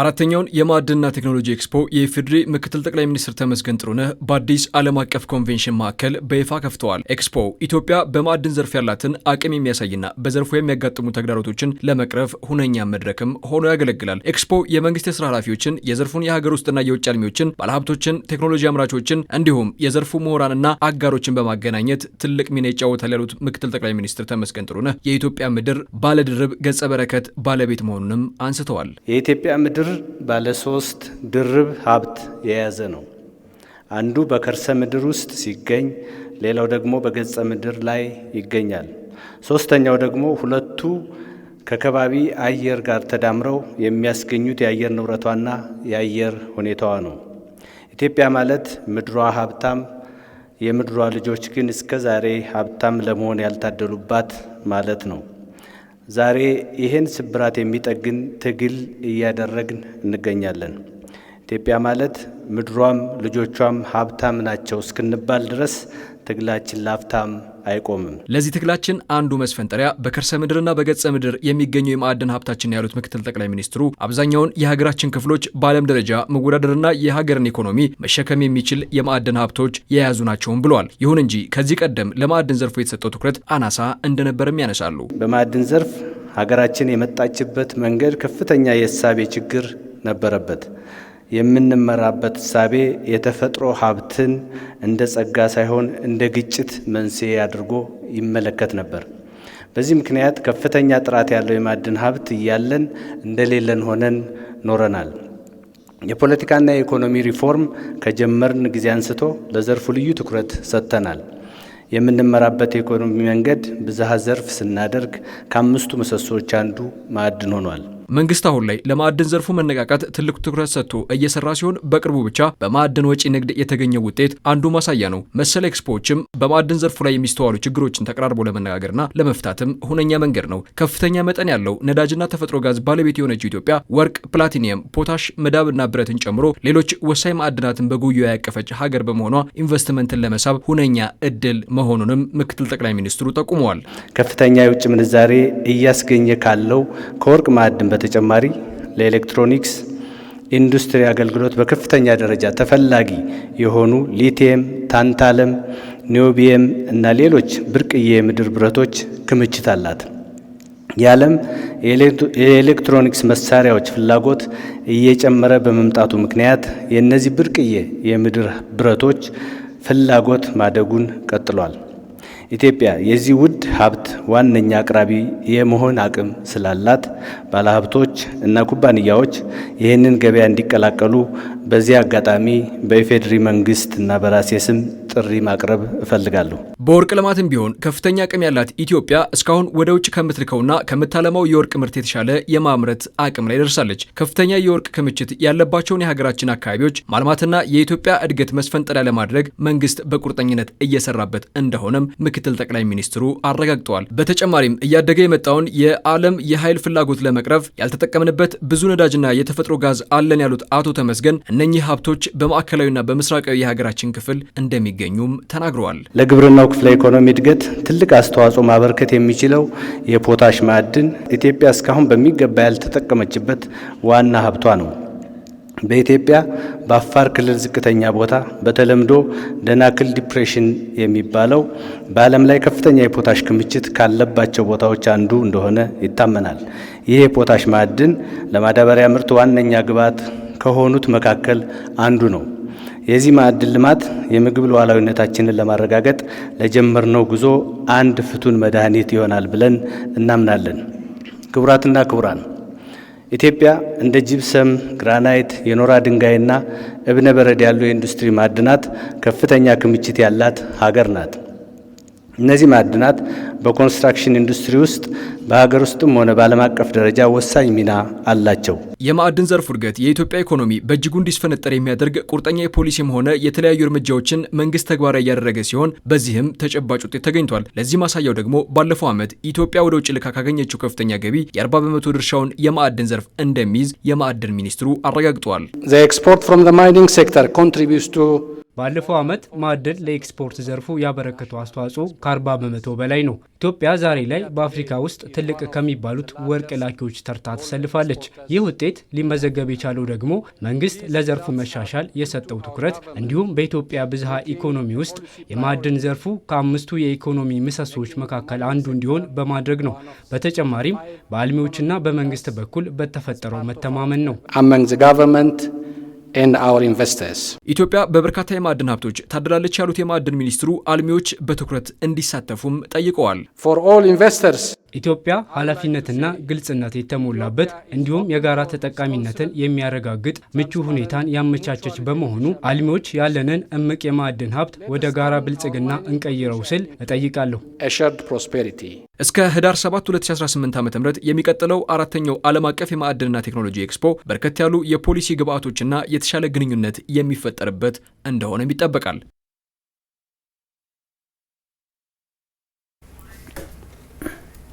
አራተኛውን የማዕድንና ቴክኖሎጂ ኤክስፖ የኢፌዴሪ ምክትል ጠቅላይ ሚኒስትር ተመስገን ጥሩነህ በአዲስ ዓለም አቀፍ ኮንቬንሽን ማዕከል በይፋ ከፍተዋል። ኤክስፖ ኢትዮጵያ በማዕድን ዘርፍ ያላትን አቅም የሚያሳይና በዘርፉ የሚያጋጥሙ ተግዳሮቶችን ለመቅረፍ ሁነኛ መድረክም ሆኖ ያገለግላል። ኤክስፖ የመንግስት የስራ ኃላፊዎችን፣ የዘርፉን የሀገር ውስጥና የውጭ አልሚዎችን፣ ባለሀብቶችን፣ ቴክኖሎጂ አምራቾችን እንዲሁም የዘርፉ ምሁራንና አጋሮችን በማገናኘት ትልቅ ሚና ይጫወታል ያሉት ምክትል ጠቅላይ ሚኒስትር ተመስገን ጥሩነህ የኢትዮጵያ ምድር ባለድርብ ገጸ በረከት ባለቤት መሆኑንም አንስተዋል። ምድር ባለሶስት ድርብ ሀብት የያዘ ነው። አንዱ በከርሰ ምድር ውስጥ ሲገኝ፣ ሌላው ደግሞ በገጸ ምድር ላይ ይገኛል። ሶስተኛው ደግሞ ሁለቱ ከከባቢ አየር ጋር ተዳምረው የሚያስገኙት የአየር ንብረቷና የአየር ሁኔታዋ ነው። ኢትዮጵያ ማለት ምድሯ ሀብታም የምድሯ ልጆች ግን እስከ ዛሬ ሀብታም ለመሆን ያልታደሉባት ማለት ነው። ዛሬ ይህን ስብራት የሚጠግን ትግል እያደረግን እንገኛለን። ኢትዮጵያ ማለት ምድሯም ልጆቿም ሀብታም ናቸው እስክንባል ድረስ ትግላችን ላፍታም አይቆምም። ለዚህ ትግላችን አንዱ መስፈንጠሪያ በከርሰ ምድርና በገጸ ምድር የሚገኘው የማዕድን ሀብታችን ያሉት ምክትል ጠቅላይ ሚኒስትሩ አብዛኛውን የሀገራችን ክፍሎች በዓለም ደረጃ መወዳደርና የሀገርን ኢኮኖሚ መሸከም የሚችል የማዕድን ሀብቶች የያዙ ናቸውም ብለል። ይሁን እንጂ ከዚህ ቀደም ለማዕድን ዘርፉ የተሰጠው ትኩረት አናሳ እንደነበርም ያነሳሉ። በማዕድን ዘርፍ ሀገራችን የመጣችበት መንገድ ከፍተኛ የእሳቤ ችግር ነበረበት። የምንመራበት እሳቤ የተፈጥሮ ሀብትን እንደ ጸጋ ሳይሆን እንደ ግጭት መንስኤ አድርጎ ይመለከት ነበር። በዚህ ምክንያት ከፍተኛ ጥራት ያለው የማዕድን ሀብት እያለን እንደሌለን ሆነን ኖረናል። የፖለቲካና የኢኮኖሚ ሪፎርም ከጀመርን ጊዜ አንስቶ ለዘርፉ ልዩ ትኩረት ሰጥተናል። የምንመራበት የኢኮኖሚ መንገድ ብዝሃ ዘርፍ ስናደርግ ከአምስቱ ምሰሶዎች አንዱ ማዕድን ሆኗል። መንግስት አሁን ላይ ለማዕድን ዘርፉ መነቃቃት ትልቅ ትኩረት ሰጥቶ እየሰራ ሲሆን በቅርቡ ብቻ በማዕድን ወጪ ንግድ የተገኘው ውጤት አንዱ ማሳያ ነው። መሰል ኤክስፖዎችም በማዕድን ዘርፉ ላይ የሚስተዋሉ ችግሮችን ተቀራርቦ ለመነጋገርና ለመፍታትም ሁነኛ መንገድ ነው። ከፍተኛ መጠን ያለው ነዳጅና ተፈጥሮ ጋዝ ባለቤት የሆነችው ኢትዮጵያ ወርቅ፣ ፕላቲኒየም፣ ፖታሽ፣ መዳብና ብረትን ጨምሮ ሌሎች ወሳኝ ማዕድናትን በጉዩ ያቀፈች ሀገር በመሆኗ ኢንቨስትመንትን ለመሳብ ሁነኛ እድል መሆኑንም ምክትል ጠቅላይ ሚኒስትሩ ጠቁመዋል። ከፍተኛ የውጭ ምንዛሬ እያስገኘ ካለው ከወርቅ ማዕድን በተጨማሪ ለኤሌክትሮኒክስ ኢንዱስትሪ አገልግሎት በከፍተኛ ደረጃ ተፈላጊ የሆኑ ሊቲየም፣ ታንታለም፣ ኒዮቢየም እና ሌሎች ብርቅዬ የምድር ብረቶች ክምችት አላት። የዓለም የኤሌክትሮኒክስ መሳሪያዎች ፍላጎት እየጨመረ በመምጣቱ ምክንያት የእነዚህ ብርቅዬ የምድር ብረቶች ፍላጎት ማደጉን ቀጥሏል። ኢትዮጵያ የዚህ ውድ ሀብት ዋነኛ አቅራቢ የመሆን አቅም ስላላት ባለሀብቶች እና ኩባንያዎች ይህንን ገበያ እንዲቀላቀሉ በዚህ አጋጣሚ በኢፌዴሪ መንግስት እና በራሴ ስም ጥሪ ማቅረብ እፈልጋለሁ። በወርቅ ልማትም ቢሆን ከፍተኛ አቅም ያላት ኢትዮጵያ እስካሁን ወደ ውጭ ከምትልከውና ከምታለማው የወርቅ ምርት የተሻለ የማምረት አቅም ላይ ደርሳለች። ከፍተኛ የወርቅ ክምችት ያለባቸውን የሀገራችን አካባቢዎች ማልማትና የኢትዮጵያ እድገት መስፈንጠሪያ ለማድረግ መንግስት በቁርጠኝነት እየሰራበት እንደሆነም ምክትል ጠቅላይ ሚኒስትሩ አረጋግጠዋል። በተጨማሪም እያደገ የመጣውን የዓለም የኃይል ፍላጎት ለመቅረፍ ያልተጠቀምንበት ብዙ ነዳጅና የተፈጥሮ ጋዝ አለን ያሉት አቶ ተመስገን እነኚህ ሀብቶች በማዕከላዊና በምስራቃዊ የሀገራችን ክፍል እንደሚገ እንደሚገኙም ተናግረዋል። ለግብርናው ክፍለ ኢኮኖሚ እድገት ትልቅ አስተዋጽኦ ማበርከት የሚችለው የፖታሽ ማዕድን ኢትዮጵያ እስካሁን በሚገባ ያልተጠቀመችበት ዋና ሀብቷ ነው። በኢትዮጵያ በአፋር ክልል ዝቅተኛ ቦታ በተለምዶ ደናክል ዲፕሬሽን የሚባለው በዓለም ላይ ከፍተኛ የፖታሽ ክምችት ካለባቸው ቦታዎች አንዱ እንደሆነ ይታመናል። ይህ የፖታሽ ማዕድን ለማዳበሪያ ምርት ዋነኛ ግብዓት ከሆኑት መካከል አንዱ ነው። የዚህ ማዕድን ልማት የምግብ ሉዓላዊነታችንን ለማረጋገጥ ለጀመርነው ጉዞ አንድ ፍቱን መድኃኒት ይሆናል ብለን እናምናለን። ክቡራትና ክቡራን፣ ኢትዮጵያ እንደ ጅብሰም ግራናይት፣ የኖራ ድንጋይና እብነ በረድ ያሉ የኢንዱስትሪ ማዕድናት ከፍተኛ ክምችት ያላት ሀገር ናት። እነዚህ ማዕድናት በኮንስትራክሽን ኢንዱስትሪ ውስጥ በሀገር ውስጥም ሆነ በዓለም አቀፍ ደረጃ ወሳኝ ሚና አላቸው። የማዕድን ዘርፍ እድገት የኢትዮጵያ ኢኮኖሚ በእጅጉ እንዲስፈነጠር የሚያደርግ ቁርጠኛ የፖሊሲም ሆነ የተለያዩ እርምጃዎችን መንግስት ተግባራዊ እያደረገ ሲሆን በዚህም ተጨባጭ ውጤት ተገኝቷል። ለዚህ ማሳያው ደግሞ ባለፈው ዓመት ኢትዮጵያ ወደ ውጭ ልካ ካገኘችው ከፍተኛ ገቢ የ40 በመቶ ድርሻውን የማዕድን ዘርፍ እንደሚይዝ የማዕድን ሚኒስትሩ አረጋግጠዋል። ባለፈው ዓመት ማዕድን ለኤክስፖርት ዘርፉ ያበረከተው አስተዋጽኦ ከ40 በመቶ በላይ ነው። ኢትዮጵያ ዛሬ ላይ በአፍሪካ ውስጥ ትልቅ ከሚባሉት ወርቅ ላኪዎች ተርታ ተሰልፋለች። ይህ ውጤት ሊመዘገብ የቻለው ደግሞ መንግስት ለዘርፉ መሻሻል የሰጠው ትኩረት እንዲሁም በኢትዮጵያ ብዝሃ ኢኮኖሚ ውስጥ የማዕድን ዘርፉ ከአምስቱ የኢኮኖሚ ምሰሶዎች መካከል አንዱ እንዲሆን በማድረግ ነው። በተጨማሪም በአልሚዎችና በመንግስት በኩል በተፈጠረው መተማመን ነው። ኢትዮጵያ በበርካታ የማዕድን ሀብቶች ታደላለች ያሉት የማዕድን ሚኒስትሩ አልሚዎች በትኩረት እንዲሳተፉም ጠይቀዋል። ፎር ኦል ኢንቨስተርስ ኢትዮጵያ ኃላፊነትና ግልጽነት የተሞላበት እንዲሁም የጋራ ተጠቃሚነትን የሚያረጋግጥ ምቹ ሁኔታን ያመቻቸች በመሆኑ አልሚዎች ያለንን እምቅ የማዕድን ሀብት ወደ ጋራ ብልጽግና እንቀይረው ስል እጠይቃለሁ። እስከ ህዳር 7 2018 ዓ ም የሚቀጥለው አራተኛው ዓለም አቀፍ የማዕድንና ቴክኖሎጂ ኤክስፖ በርከት ያሉ የፖሊሲ ግብዓቶችና የተሻለ ግንኙነት የሚፈጠርበት እንደሆነም ይጠበቃል።